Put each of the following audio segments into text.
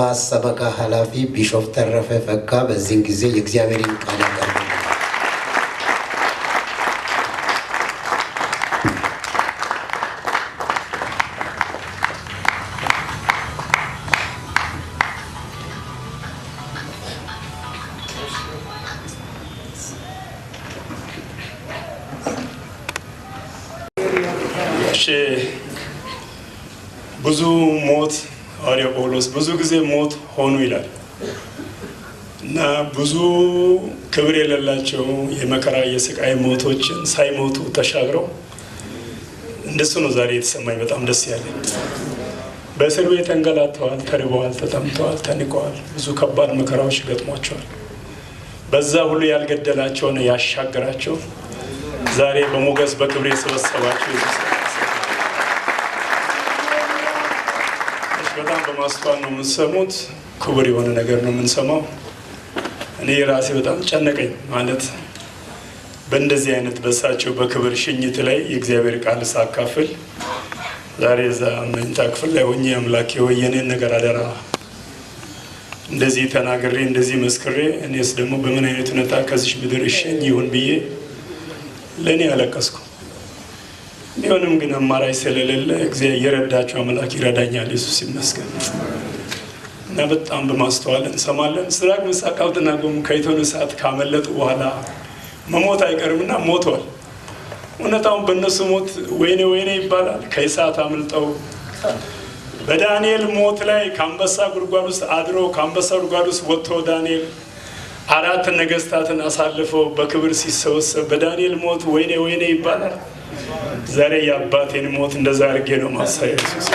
በአሰበካ ኃላፊ ቢሾፍ ተረፈ ፈካ በዚህን ጊዜ የእግዚአብሔርን ቃል ሆኑ ይላል እና ብዙ ክብር የሌላቸው የመከራ የስቃይ ሞቶችን ሳይሞቱ ተሻግረው እንደሱ ነው ዛሬ የተሰማኝ። በጣም ደስ ያለ በእስር ቤት ተንገላተዋል፣ ተርበዋል፣ ተጠምተዋል፣ ተንቀዋል። ብዙ ከባድ መከራዎች ገጥሟቸዋል። በዛ ሁሉ ያልገደላቸውን ያሻገራቸው። ዛሬ በሞገስ በክብር የሰበሰባቸው ማስተዋል ነው የምንሰሙት። ክቡር የሆነ ነገር ነው የምንሰማው። እኔ ራሴ በጣም ጨነቀኝ ማለት በእንደዚህ አይነት በሳቸው በክብር ሽኝት ላይ የእግዚአብሔር ቃል ሳካፍል ዛሬ እዛ መኝታ ክፍል ላይ ሆኜ አምላክ የወየኔን ነገር አደራ እንደዚህ ተናግሬ እንደዚህ መስክሬ እኔስ ደግሞ በምን አይነት ሁኔታ ከዚች ምድር እሸኝ ይሁን ብዬ ለእኔ አለቀስኩ። ቢሆንም ግን አማራጭ ስለሌለ እግዚአብሔር የረዳቸው አምላክ ይረዳኛል። ኢየሱስ ይመስገን እና በጣም በማስተዋል እንሰማለን። ስራቅ ሚሳቅ አብደናጎም ከእቶነ እሳት ካመለጡ በኋላ መሞት አይቀርምና ሞቷል። እውነታውን በእነሱ ሞት ወይኔ ወይኔ ይባላል። ከእሳት አምልጠው በዳንኤል ሞት ላይ ከአንበሳ ጉድጓድ ውስጥ አድሮ ከአንበሳ ጉድጓድ ውስጥ ወጥቶ ዳንኤል አራት ነገስታትን አሳልፈው በክብር ሲሰበሰብ በዳንኤል ሞት ወይኔ ወይኔ ይባላል። ዛሬ የአባቴን ሞት እንደዛ አድርጌ ነው ማሳያ ኢየሱስ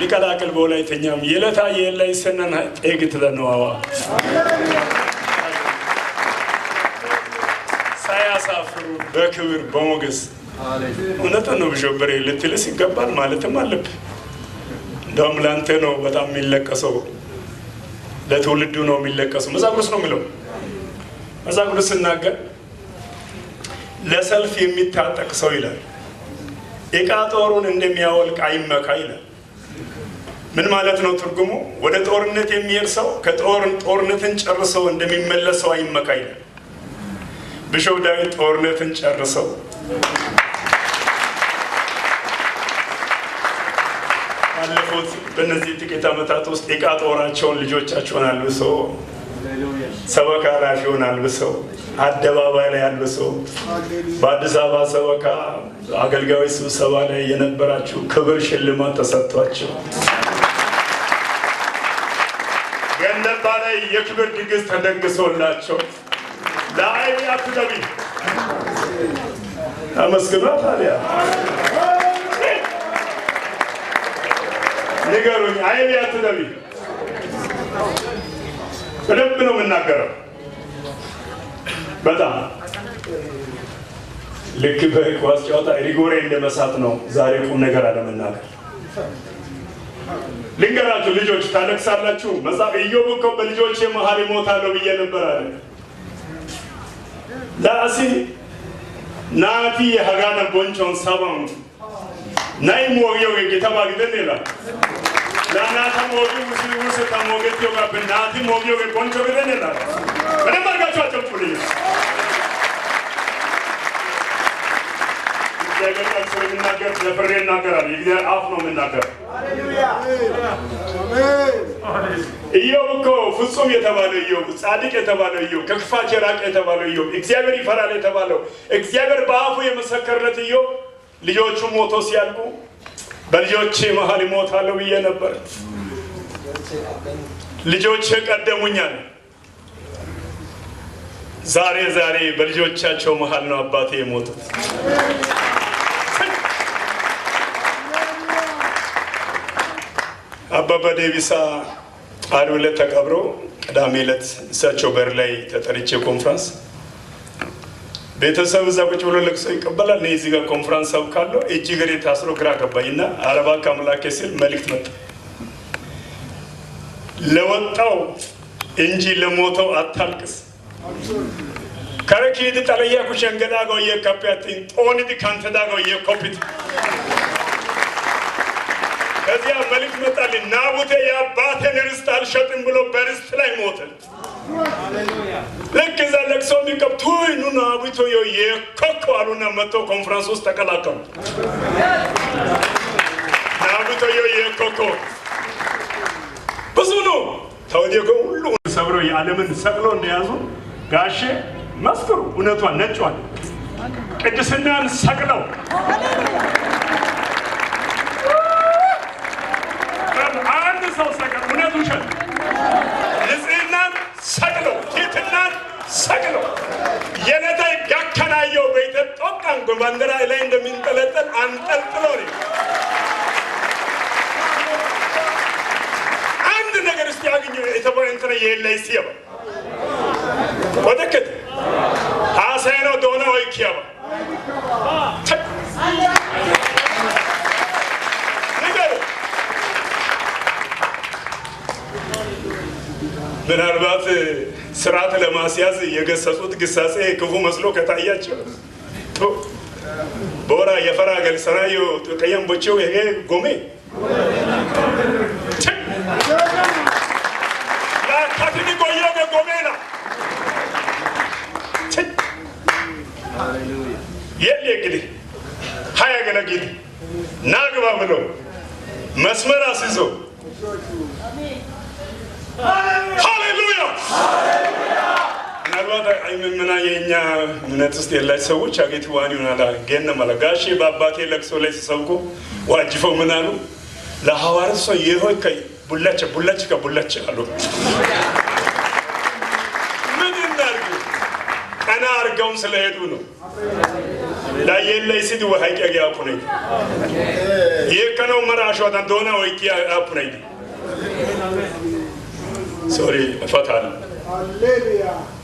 ሊቀላቅል በወላይተኛም የለታ የላይ ሰነን ጤግት ለነዋዋ ሳያሳፍሩ በክብር በሞገስ እውነት ነው። ብሾበሬ ልትልስ ይገባል ማለትም አለብ እንደም ለአንተ ነው በጣም የሚለቀሰው፣ ለትውልዱ ነው የሚለቀሰው። መጽሐፍ ነው የሚለው መጽሐፍ ቅዱስ ስናገር ለሰልፍ የሚታጠቅ ሰው ይላል የቃ ጦሩን እንደሚያወልቅ አይመካ ይላል። ምን ማለት ነው ትርጉሙ? ወደ ጦርነት የሚሄድ ሰው ከጦርነትን ጨርሰው እንደሚመለሰው አይመካ ይላል። ብሾው ዳዊት ጦርነትን ጨርሰው ባለፉት በእነዚህ ጥቂት ዓመታት ውስጥ የቃ ጦራቸውን ልጆቻቸውን ሰው ሰበካ ራሽውን አልብሰው አደባባይ ላይ አልብሰው በአዲስ አበባ ሰበካ አገልጋዮች ስብሰባ ላይ የነበራችሁ ክብር ሽልማት ተሰጥቷቸው ገነባ ላይ የክብር ድግስ ተደግሶላቸው ለአይቢ አትደቢ አመስግና ታዲያ ንገሩኝ አይቢ አትደቢ በደንብ ነው የምናገረው። በጣም ልክ በኳስ ጨዋታ ሪጎሬ እንደመሳት ነው። ዛሬ ቁም ነገር አለመናገር ልንገራችሁ ልጆች ታለቅሳላችሁ። መጽሐፍ ኢዮብ እኮ በልጆች መሀል እሞታለሁ ብዬ ነበር አለ። ዳሲ ናቲ የሀጋነ ቦንቾን ሰባም ናይ ሞየው የተባግደን ይላል ዳናታ ሞጊ ውስ ውስ ተሞገት ዮጋ ብናቲ ሞጊ ዮጋ ቆንጆ ብለን ይላል። በደንብ አድርጋችሁ አጨብጭቡልኝ። እግዚአብሔር ቃል ስለሚናገር ለፍሬ ይናገራል። የእግዚአብሔር አፍ ነው የምናገር። ኢዮብ እኮ ፍጹም የተባለው ኢዮብ፣ ጻድቅ የተባለው ኢዮብ፣ ከክፋት የራቀ የተባለው ኢዮብ፣ እግዚአብሔር ይፈራል የተባለው እግዚአብሔር በአፉ የመሰከረለት ኢዮብ ልጆቹ ሞቶ ሲያልቁ በልጆቼ መሀል ይሞታለሁ ብዬ ነበር። ልጆቼ ቀደሙኛል። ዛሬ ዛሬ በልጆቻቸው መሀል ነው አባቴ የሞቱት። አባባ ዴቢሳ ዓርብ ዕለት ተቀብሮ ቅዳሜ ዕለት እሳቸው በር ላይ ተጠርቼ ኮንፍራንስ ቤተሰብ እዛ ቁጭ ብሎ ለቅሶ ይቀበላል። እኔ እዚህ ጋር ኮንፈረንስ ሰብካለሁ። እጅ እጅግሬ ታስሮ ግራ ገባኝ ገባኝና አረባ ከአምላኬ ሲል መልእክት መጣ። ለወጣው እንጂ ለሞተው አታልቅስ። ከረኪድ ጠለያ ኩሸንገዳ ጎየ ካፒያትን ጦንድ ካንተዳ ጎየ ኮፒት ከዚያ መልእክት መጣልኝ። ናቡቴ የአባቴን ርስት አልሸጥም ብሎ በርስት ላይ ሞተ። ልክ እዛ ለቅሶ የሚቀብቱ ኑና አብቶ የውየ ኮኮ አሉና መጥተው ኮንፈረንስ ውስጥ ተቀላቀሉ። አብቶ የውየ ኮኮ ብዙ ነው። ተወዲያ ሁሉ ሰብረው የዓለምን ሰቅለው እንደያዙ ጋሼ መስክሩ እውነቷን ነጯል ቅድስናን ሰቅለው አንድ ሰው ሰቅለው እውነት ውሸት ንጽህናን ሰቅለው እናት ሰቅሎ የነታይ ያከራየው በኢትዮጵያ ቀንጎ ባንዲራ ላይ እንደሚንጠለጠል አንጠልጥሎ ነው። አንድ ነገር እስቲ ያገኘ የተባ እንትን የለይ ሲያባ ወደከት ሀሳይነው ደሆነ ወይ ኪያባ ምናልባት ስርዓት ለማስያዝ የገሰጹት ግሳጼ ክፉ መስሎ ከታያቸው በወራ የፈራ ገልሰናዮ ቀየምቦቸው ይሄ ጎሜ ሀያ ናግባ ብሎ መስመር አስይዞ የምምና የእኛ እምነት ውስጥ የላች ሰዎች አጌት ዋን ይሆናል ገነ ማለ በአባቴ ለቅሶ ላይ ሲሰብኩ ዋጅፈው ምን አሉ? ለሐዋርያት ሰው የሆይ ቡላቸ ቡላቸ ከቡላቸ አሉ። ምን እናርግ? ቀና አርገውም ስለሄዱ ነው። ላየለ ሲድ ወሀቂ ያገ የከነው መራሽዋት እንደሆነ ወይቂ አቁነ ሶሪ እፈታለሁ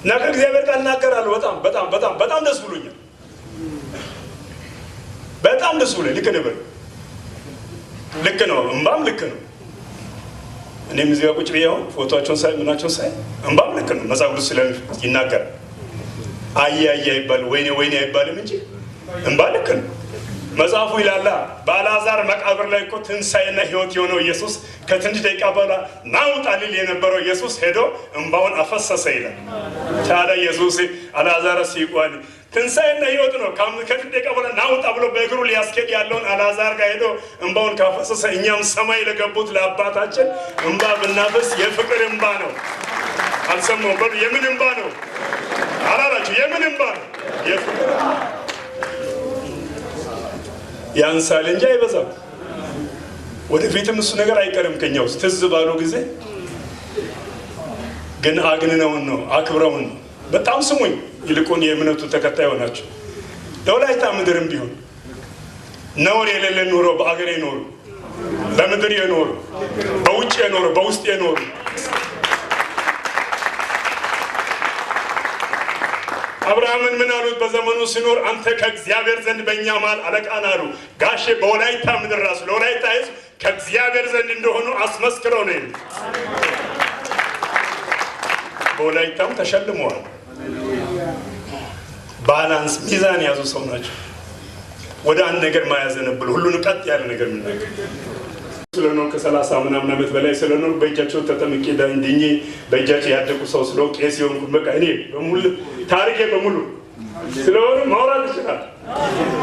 እና እግዚአብሔር ቃል እናገራለሁ። በጣም በጣም በጣም በጣም ደስ ብሎኛል። በጣም ደስ ብሎኝ ልክ ነበር። ልክ ነው፣ እምባም ልክ ነው። እኔም እዚህ ጋር ቁጭ ብዬ ፎቶቸውን ሳይ ምናቸውን ሳይ እምባም ልክ ነው። መጽሐፍ ቅዱስ ስለ ይናገራል። አየ አየ ወይኔ ወይኔ አይባልም እንጂ እምባ ልክ ነው። መጽሐፉ ይላላ በአልዓዛር መቃብር ላይ እኮ ትንሣኤና ሕይወት የሆነው ኢየሱስ ከትንሽ ደቂቃ በኋላ ናውጣ ሊል የነበረው ኢየሱስ ሄዶ እንባውን አፈሰሰ ይላል። ታዲያ ኢየሱስ አልዓዛር ሲቋል ትንሣኤና ሕይወት ነው። ከትንሽ ደቂቃ በኋላ ናውጣ ብሎ በእግሩ ሊያስኬድ ያለውን አልዓዛር ጋር ሄዶ እንባውን ካፈሰሰ እኛም ሰማይ ለገቡት ለአባታችን እንባ ብናፈስ የፍቅር እንባ ነው። አልሰማሁም በሉ። የምን እንባ ነው? ያንሳል እንጂ አይበዛም። ወደፊትም እሱ ነገር አይቀርም ከኛ ውስጥ ትዝ ባሉ ጊዜ ግን አግንነውን ነው አክብረውን ነው። በጣም ስሙኝ፣ ይልቁን የእምነቱ ተከታይ ሆናቸው ለወላይታ ምድርም ቢሆን ነውር የሌለ ኑሮ በአገር የኖሩ በምድር የኖሩ በውጭ የኖሩ በውስጥ የኖሩ አብርሃምን ምን አሉት? በዘመኑ ሲኖር አንተ ከእግዚአብሔር ዘንድ በእኛ ማል አለቃን አሉ። ጋሼ በወላይታ ምድር ራሱ ለወላይታ ሕዝብ ከእግዚአብሔር ዘንድ እንደሆኑ አስመስክረው ነው የሚ በወላይታም ተሸልመዋል። ባላንስ ሚዛን የያዙ ሰው ናቸው። ወደ አንድ ነገር ማያዘነብሉ ሁሉን ቀጥ ያለ ነገር የምናገር ስለኖር ከሰላሳ ምናምን ዓመት በላይ ስለኖር በእጃቸው ተጠምቄ ዳንድኜ በእጃቸው ያደቁ ሰው ስለሆን ቄስ የሆንኩ በቃ እኔ በሙሉ ታሪኬ በሙሉ ስለሆኑ ማውራት ይችላል።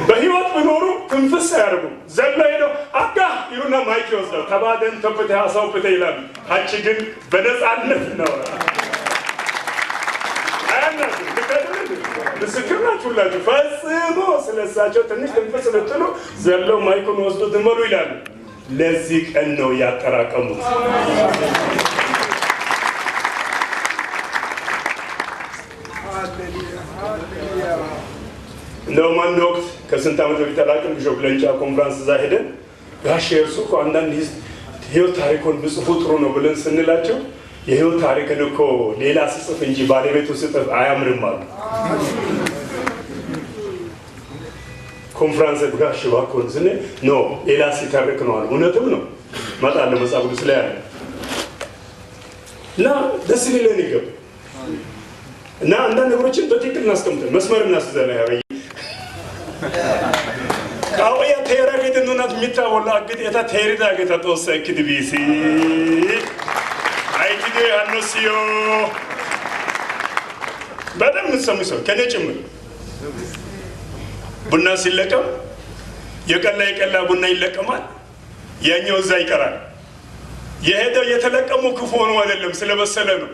በህይወት ብኖሩ ትንፍስ አያደርጉም። ዘሎ ሄደው አጋ ይሉና ማይክ ይወስዳል። ተባደን ተፍተ ሀሳብ ፍተ ይላሉ። ታች ግን በነፃነት እናወራ ምስክር ናችሁ ሁላችሁ። ፈጽሞ ስለሳቸው ትንሽ ትንፍስ ልትሉ ዘለው ማይኩን ወስዱ ትመሉ ይላሉ። ለዚህ ቀን ነው ያጠራቀሙት። እንደውም አንድ ወቅት ከስንት ዓመት በፊት አላውቅም ሾክ ለንጫ ኮንፍራንስ እዛ ሄደን ጋሽ እርሱ እኮ አንዳንድ ህይወት ታሪኮን ብጽፉ ጥሩ ነው ብለን ስንላቸው የህይወት ታሪክን እኮ ሌላ ስጽፍ እንጂ ባለቤቱ ስጽፍ አያምርም አሉ። ኮንፍራንስ ጋሽ እባክዎን ስን ኖ ሌላ ሲተርክ ነው አሉ። እውነትም ነው እመጣለሁ መጽሐፍ ቅዱስ ላይ አለ እና ደስ ሊለን ይገባ እና አንዳንድ ነገሮችን በትክክል እናስቀምጠን መስመር እናስዘና ያበየ gannat mittaa bolla aggidi eta teeridaageeta xoossa ekkidi biis haygidoy hanno siyo በጣም የምትሰሙ ሰው ከኔ ጭምር ቡና ሲለቀም የቀላ የቀላ ቡና ይለቀማል፣ ያኛው እዛ ይቀራል። የሄደው የተለቀሙ ክፉ ሆኖ አይደለም ስለበሰለ ነው።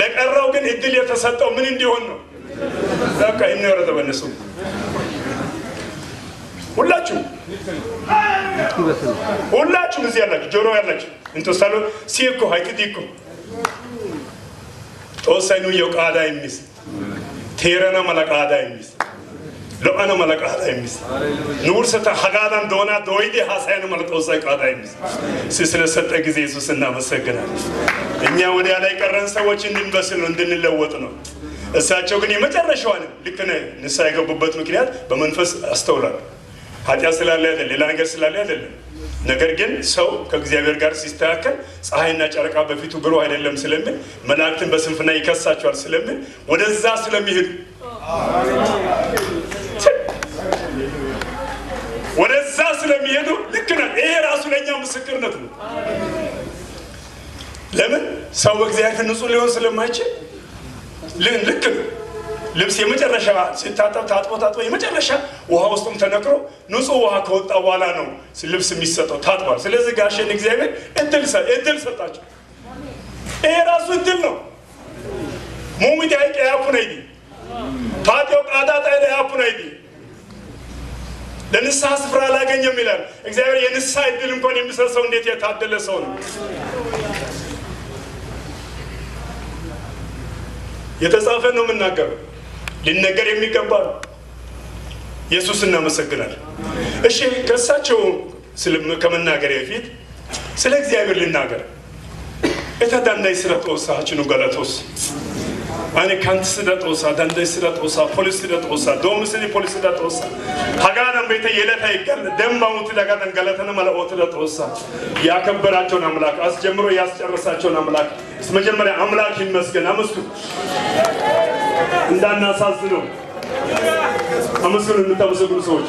ለቀረው ግን እድል የተሰጠው ምን እንዲሆን ነው? በቃ ይነረ ተበነሱ ሁላችሁ ሁላችሁም እዚህ ያላችሁ ጆሮ ያላችሁ እንተሳሎ ሲኮ ሀይት ዲኮ የቃዳ የሚስ ቴረና መለቃዳ የሚስ lo'ana mala qaada imis nuursata hagaadan doonaa dooyidi haasayana mala xoossay qaada imis ስለሰጠ ጊዜ ኢየሱስ እናመሰግናለን። እኛ ወዲያ ላይ ቀረን ሰዎች እንድንበስል ነው እንድንለወጥ ነው። እሳቸው ግን የመጨረሻዋንም ልክ ንስሐ የገቡበት ምክንያት በመንፈስ አስተውላሉ። ኃጢአት ስላለ አይደለም፣ ሌላ ነገር ስላለ አይደለም። ነገር ግን ሰው ከእግዚአብሔር ጋር ሲስተካከል ፀሐይና ጨረቃ በፊቱ ብሩህ አይደለም ስለምን መላእክትን በስንፍና ይከሳቸዋል ስለምን ወደዛ ስለሚሄዱ ወደዛ ስለሚሄዱ ልክ ነህ። ይሄ ራሱ ለእኛ ምስክርነት ነው። ለምን ሰው በእግዚአብሔር ንጹህ ሊሆን ስለማይችል ልክ ነው። ልብስ የመጨረሻ ሲታጠብ ታጥቦ ታጥቦ የመጨረሻ ውሃ ውስጡም ተነክሮ ንጹህ ውሃ ከወጣ በኋላ ነው ልብስ የሚሰጠው ታጥቧል። ስለዚህ ጋሸን እግዚአብሔር እድል ሰጣቸው። ይሄ ራሱ እድል ነው። ሙሚት አይቀ ያኩነይዲ ታጤው ቃጣጣ አይደ ያኩነይዲ ለንስሐ ስፍራ አላገኘም ይላል እግዚአብሔር። የንስሐ እድል እንኳን የሚሰጥ ሰው እንዴት የታደለ ሰው ነው! የተጻፈ ነው የምናገረው ሊነገር የሚገባ ነው። ኢየሱስ እናመሰግናል እሺ ከእሳቸው ከመናገር በፊት ስለ እግዚአብሔር ልናገር። የተዳንዳይ ስለ ጦሳ ችኑ ገለቶስ አኔ ካንቲ ስለ ጦሳ ዳንዳይ ስለ ጦሳ ፖሊስ ስለ ጦሳ ዶም ስለ ፖሊስ ስለ ጦሳ ሀጋናም ቤተ የለታ ይቀል ደምባሙት ዳጋነን ገለተነ መለኦት ለጦሳ ያከበራቸውን አምላክ አስጀምሮ ያስጨረሳቸውን አምላክ መጀመሪያ አምላክ ይመስገን አመስግኑ። እንዳናሳዝነው አመስግኑ። የምታመሰግኑ ሰዎች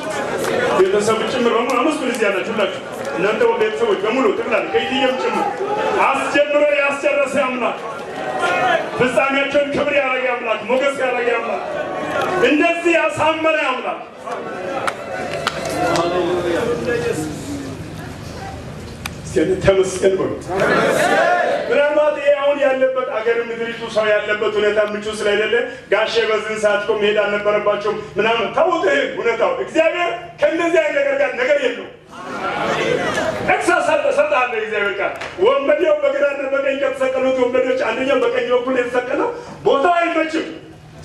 ቤተሰብ ጭምር በሙሉ አመስግኑ። እዚህ ያላችሁ ሁላችሁ እናንተ ቤተሰቦች በሙሉ ጠቅላላ ከየትኛውም ጭምር አስጀምሮ ያስጨረሰ አምላክ ፍጻሜያቸውን ክብር ያደረገ አምላክ ሞገስ ያደረገ አምላክ እንደዚህ ያሳመረ አምላክ ተመስገን በሉ። አሁን ያለበት አገር ምድሪቱ ሰው ያለበት ሁኔታ ምቹ ስለሌለ ጋሼ በዝን ሰዓት እኮ መሄድ አልነበረባቸውም ምናምን ተውት። ሁኔታው እግዚአብሔር ከእንደዚህ አይነት ነገር ጋር ነገር የለው ተክሳሳል ተሰጣለ እግዚአብሔር ጋር ወንበዴው በግራና በቀኝ ከተሰቀሉት ወንበዴዎች አንደኛው በቀኝ በኩል የተሰቀለው ቦታው አይመችም።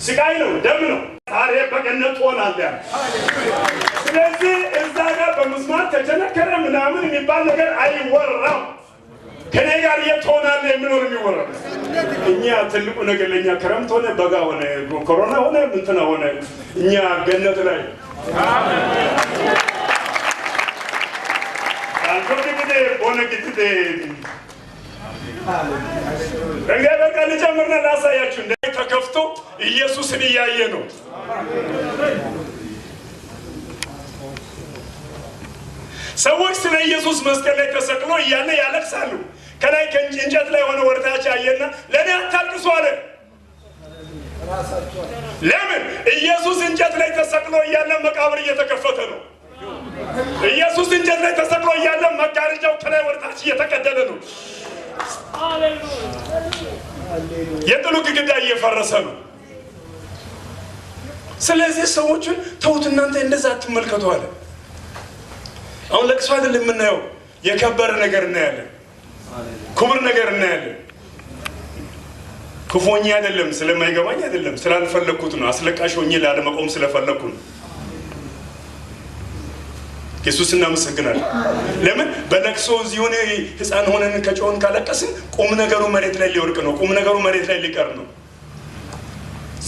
ስቃይ ነው፣ ደም ነው። ዛሬ በገነት ትሆናለ። ስለዚህ እዛ ጋር በምስማር ተቸነከረ ምናምን የሚባል ነገር አይወራም። ከኔ ጋር የት ሆናለህ የሚኖር የሚወራ እኛ ትልቁ ነገር ለእኛ ክረምት ሆነ በጋ ሆነ ኮሮና ሆነ ምንትና ሆነ እኛ ገነት ላይ አልኮት እንግዲህ በሆነ ግትት እንግዲህ በቃ ልጨምርና ላሳያችሁ እንደ ተከፍቶ ኢየሱስን እያየ ነው ሰዎች ስለ ኢየሱስ መስቀል ላይ ተሰቅሎ እያለ ያለቅሳሉ ከላይ እንጨት ላይ ሆነ ወርታች አየና ለእኔ አታልቅሱ አለ። ለምን? ኢየሱስ እንጨት ላይ ተሰቅሎ እያለ መቃብር እየተከፈተ ነው። ኢየሱስ እንጨት ላይ ተሰቅሎ እያለ መጋረጃው ከላይ ወርታች እየተቀደለ ነው። የጥሉ ግድግዳ እየፈረሰ ነው። ስለዚህ ሰዎችን ተውት፣ እናንተ እንደዛ አትመልከቱ አለ። አሁን ለቅሶ አይደል የምናየው፣ የከበረ ነገር እናያለን። ክቡር ነገር እናያለን። ክፎኝ አይደለም፣ ስለማይገባኝ አይደለም፣ ስላልፈለግኩት ነው። አስለቃሽ ሆኜ ላለመቆም ስለፈለግኩ ነው። ኢየሱስ እናመሰግናለን። ለምን በለቅሶ እዚህ ሆነ ህፃን ሆነን ከጮን ካለቀስን ቁም ነገሩ መሬት ላይ ሊወርቅ ነው። ቁም ነገሩ መሬት ላይ ሊቀር ነው።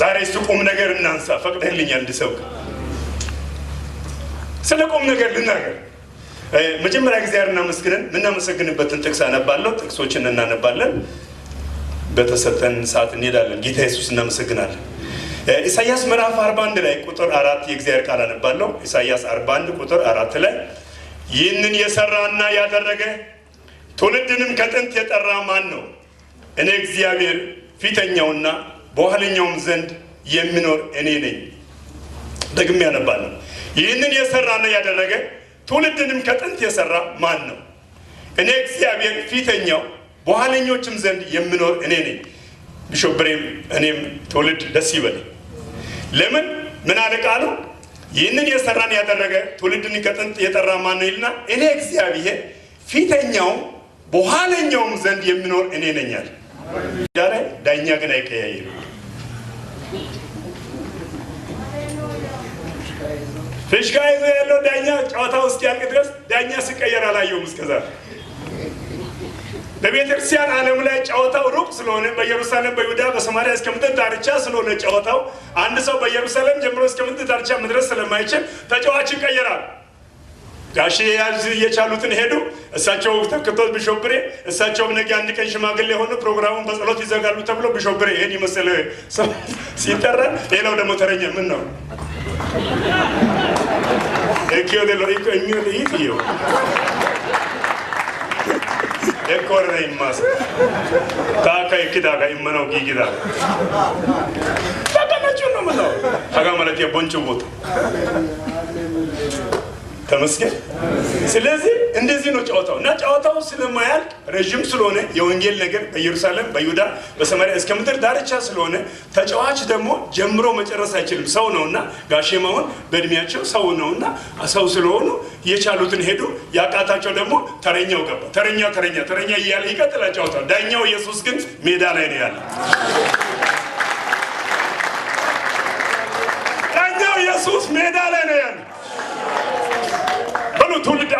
ዛሬ እሱ ቁም ነገር እናንሳ። ፈቅደህልኛል እንድሰብክ ስለ ቁም ነገር ልናገር። መጀመሪያ እግዚአብሔር እናመስግነን የምናመሰግንበትን ጥቅስ አነባለሁ። ጥቅሶችን እናነባለን። በተሰጠን ሰዓት እንሄዳለን። ጌታ ኢየሱስ እናመሰግናለን። ኢሳያስ ምዕራፍ 41 ላይ ቁጥር አራት የእግዚአብሔር ቃል አነባለሁ። ኢሳያስ 41 ቁጥር አራት ላይ ይህንን የሰራና ያደረገ ትውልድንም ከጥንት የጠራ ማን ነው? እኔ እግዚአብሔር ፊተኛውና በኋለኛውም ዘንድ የሚኖር እኔ ነኝ። ደግሜ ያነባለሁ። ይህንን የሰራና ያደረገ ትውልድንም ከጥንት የሰራ ማን ነው? እኔ እግዚአብሔር ፊተኛው በኋለኞችም ዘንድ የምኖር እኔ ነኝ። ቢሾብሬም እኔም ትውልድ ደስ ይበል። ለምን ምን አለ ቃሉ? ይህንን የሰራን ያደረገ ትውልድን ከጥንት የጠራ ማን ነው ይልና እኔ እግዚአብሔር ፊተኛው በኋለኛውም ዘንድ የምኖር እኔ ነኛል። ዳኛ ግን አይቀያየርም። ፍሽካ ይዞ ያለው ዳኛ ጨዋታ ውስጥ ያልቅ ድረስ ዳኛ ሲቀየር አላየውም እስከዛ በቤተክርስቲያን ዓለም ላይ ጨዋታው ሩቅ ስለሆነ በኢየሩሳሌም በይሁዳ በሰማሪያ እስከ ምድር ዳርቻ ስለሆነ ጨዋታው አንድ ሰው በኢየሩሳሌም ጀምሮ እስከ ምድር ዳርቻ መድረስ ስለማይችል ተጫዋች ይቀየራል። ጋሼ ያዝ እየቻሉትን ሄዱ። እሳቸው ተክቶት ቢሾብሬ፣ እሳቸው ነገ አንድ ቀን ሽማግሌ የሆኑ ፕሮግራሙን በጸሎት ይዘጋሉ ተብሎ ቢሾብሬ ይህን ይመስል ሲጠራ፣ ሌላው ደግሞ ተረኛ ምን ነው El chio dello ricco è il mio di E corre in massa. tacca e kitaka in mano chi tacca ma c'è un nome no tacca ma la tia buon kia boncho boto. ተመስገን። ስለዚህ እንደዚህ ነው ጨዋታው እና ጨዋታው ስለማያልቅ ረዥም ስለሆነ የወንጌል ነገር በኢየሩሳሌም በይሁዳ በሰማሪያ እስከ ምድር ዳርቻ ስለሆነ ተጫዋች ደግሞ ጀምሮ መጨረስ አይችልም። ሰው ነውና ጋሼማውን በእድሜያቸው ሰው ነውና ሰው ስለሆኑ የቻሉትን ሄዱ። ያቃታቸው ደግሞ ተረኛው ገባ። ተረኛ ተረኛ ተረኛ እያለ ይቀጥላል ጨዋታው። ዳኛው ኢየሱስ ግን ሜዳ ላይ ነው ያለ። ዳኛው ኢየሱስ ሜዳ ላይ ነው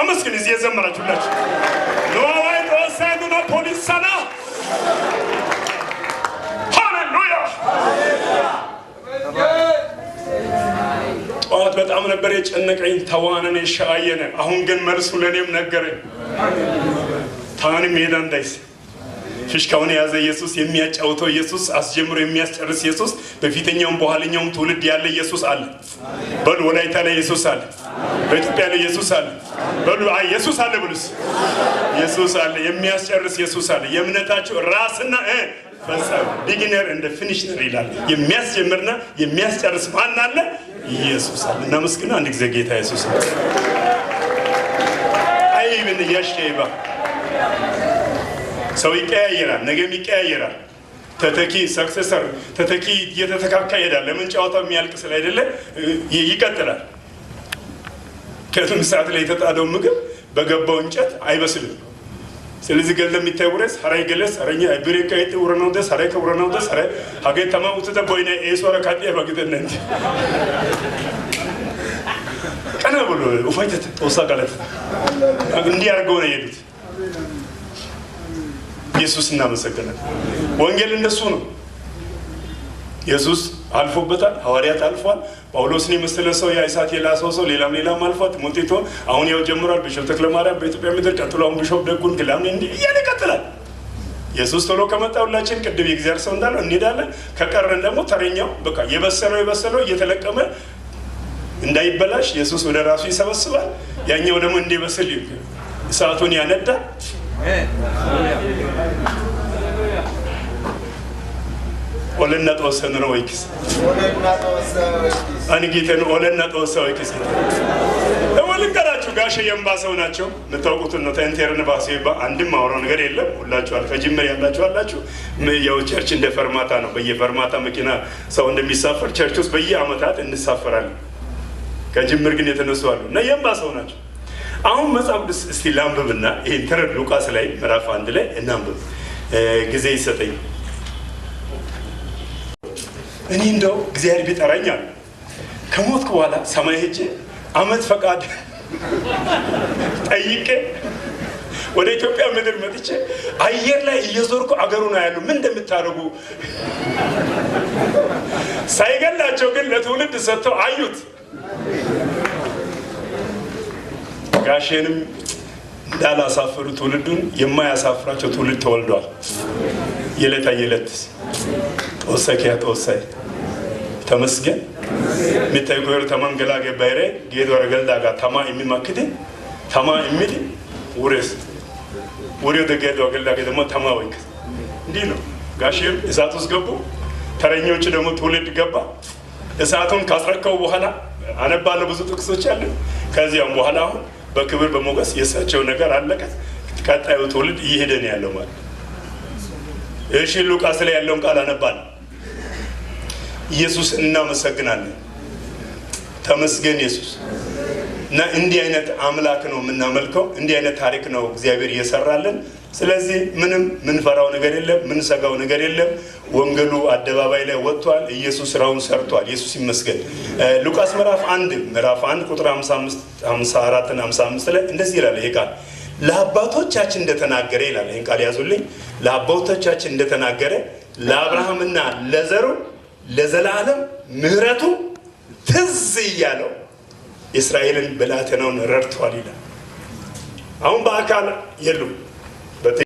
አመስግን። እዚህ የዘመራችሁላችሁ ንዋዋይ ተወሳይኑና ፖሊስ ሰና ጠዋት በጣም ነበር የጨነቀኝ። ተዋነን የሸአየነ አሁን ግን መልሱ ለእኔም ነገረኝ። ታንም ሜዳ እንዳይስ ፊሽካውን የያዘ ኢየሱስ የሚያጫውተው ኢየሱስ አስጀምሮ የሚያስጨርስ ኢየሱስ በፊተኛውም በኋለኛውም ትውልድ ያለ ኢየሱስ አለ። በል ወላይታ ላይ ኢየሱስ አለ። በኢትዮጵያ ላይ ኢየሱስ አለ በሉ። አይ ኢየሱስ አለ ብሉስ። ኢየሱስ አለ፣ የሚያስጨርስ ኢየሱስ አለ። የእምነታችሁ ራስና እ ፈጻሚ ቢግነር እንደ ፊኒሽነር ይላል። የሚያስጀምርና የሚያስጨርስ ማን አለ? ኢየሱስ አለ። እናመስግን አንድ ጊዜ ጌታ ኢየሱስ አለ። አይ ምን ያሽይባ ሰው ይቀያየራል፣ ነገም ይቀያየራል። ተተኪ ሰክሰሰር ተተኪ እየተተካካ ይሄዳል። ለምን ጨዋታው የሚያልቅ ስለ አይደለ ይቀጥላል። ምክንያቱም እሳት ላይ የተጣደው ምግብ በገባው እንጨት አይበስልም። ስለዚህ ገለ የሚታይውረስ ሀራይ ገለስ ረኛ ብሬ ቀይጥ ውረነው ደስ ሀራይ ከውረነው ደስ ሀራይ ሀገ ተማ ውትተ ቦይነ ኤሶረ ካጤ ባግጠነንት ቀና ብሎ ውፋይተት ወሳ ቃለት እንዲህ አድርገው ነው የሄዱት። ኢየሱስ እናመሰገናል ወንጌል እንደሱ ነው። ኢየሱስ አልፎበታል። ሐዋርያት አልፏል። ጳውሎስን የመሰለ ሰው የአይሳት የላሰው ሰው ሌላም ሌላም አልፏል። ጢሞቴቶ አሁን ያው ጀምሯል። ቢሾፕ ተክለማርያም በኢትዮጵያ ምድር ቀጥሎ አሁን ቢሾፕ ደጉን ግላምን እንዲ እያለ ይቀጥላል። ኢየሱስ ቶሎ ከመጣ ሁላችን ቅድም የእግዚአብሔር ሰው እንዳለው እንሄዳለን። ከቀረን ደግሞ ተረኛው በቃ የበሰለው የበሰለው እየተለቀመ እንዳይበላሽ ኢየሱስ ወደ ራሱ ይሰበስባል። ያኛው ደግሞ እንዲበስል እሳቱን ያነዳል። ኦለና xoossan irra hoykise. ani ጌቴን ኦለና ወይክስ hoykise. ልንገራችሁ ጋሽ የእምባ ሰው ናቸው። የምታውቁትን ነው። ተንቴርን ባሴ ይባ አንድም ማውራው ነገር የለም። ሁላችኋል ከጅምር ያላችሁ አላችሁ። ያው ቸርች እንደ ፈርማታ ነው። በየፈርማታ መኪና ሰው እንደሚሳፈር ቸርች ውስጥ በየአመታት እንሳፈራለን። ከጅምር ግን የተነሱ አሉ እና የእምባ ሰው ናቸው። አሁን መጽሐፍ ቅዱስ እስቲ ላንብብና ይህን ተረድ ሉቃስ ላይ ምዕራፍ አንድ ላይ እናንብብ ጊዜ ይሰጠኝ እኔ እንደው እግዚአብሔር ቢጠራኝ አለ ከሞትኩ በኋላ ሰማይ ሄጄ አመት ፈቃድ ጠይቄ ወደ ኢትዮጵያ ምድር መጥቼ አየር ላይ እየዞርኩ አገሩ ነው ያሉ ምን እንደምታደርጉ ሳይገላቸው ግን ለትውልድ ሰጥተው አዩት። ጋሼንም እንዳላሳፈሩ ትውልዱን የማያሳፍራቸው ትውልድ ተወልዷል። የዕለት የዕለት xoossay keyaa xoossay ተመስገን mittay guyar taman galaagee bayree geeduwara gelidaagaa tamaa immi makkidi tamaa immidi wurees ወደ geeduwa gelidaagee ደግሞ ተማ ወይክ እንዲህ ነው ጋሽም እሳት ውስጥ ገቡ ተረኞቹ ደግሞ ትውልድ ገባ እሳቱን ካስረከቡ በኋላ አነባለሁ ብዙ ጥቅሶች አለ ከዚያም በኋላ አሁን በክብር በሞገስ የእሳቸው ነገር አለቀ ቀጣዩ ትውልድ እየሄደ ያለው ማለት እሺ ሉቃስ ላይ ያለውን ቃል አነባለሁ ኢየሱስ እናመሰግናለን። ተመስገን ኢየሱስ። እና እንዲህ አይነት አምላክ ነው የምናመልከው። እንዲህ አይነት ታሪክ ነው እግዚአብሔር እየሰራለን ስለዚህ ምንም ምንፈራው ነገር የለም፣ ምንሰጋው ነገር የለም። ወንጌሉ አደባባይ ላይ ወጥቷል። ኢየሱስ ስራውን ሰርቷል። ኢየሱስ ይመስገን። ሉቃስ ምዕራፍ አንድ ምዕራፍ አንድ ቁጥር 54 እና 55 ላይ እንደዚህ ይላል ይሄ ቃል ለአባቶቻችን እንደተናገረ ይላል። ይህን ቃል ያዙልኝ። ለአባቶቻችን እንደተናገረ ለአብርሃምና ለዘሩ ለዘላለም ምህረቱ ትዝ እያለው እስራኤልን ብላቴናውን ረድተዋል ይላል። አሁን በአካል የሉም።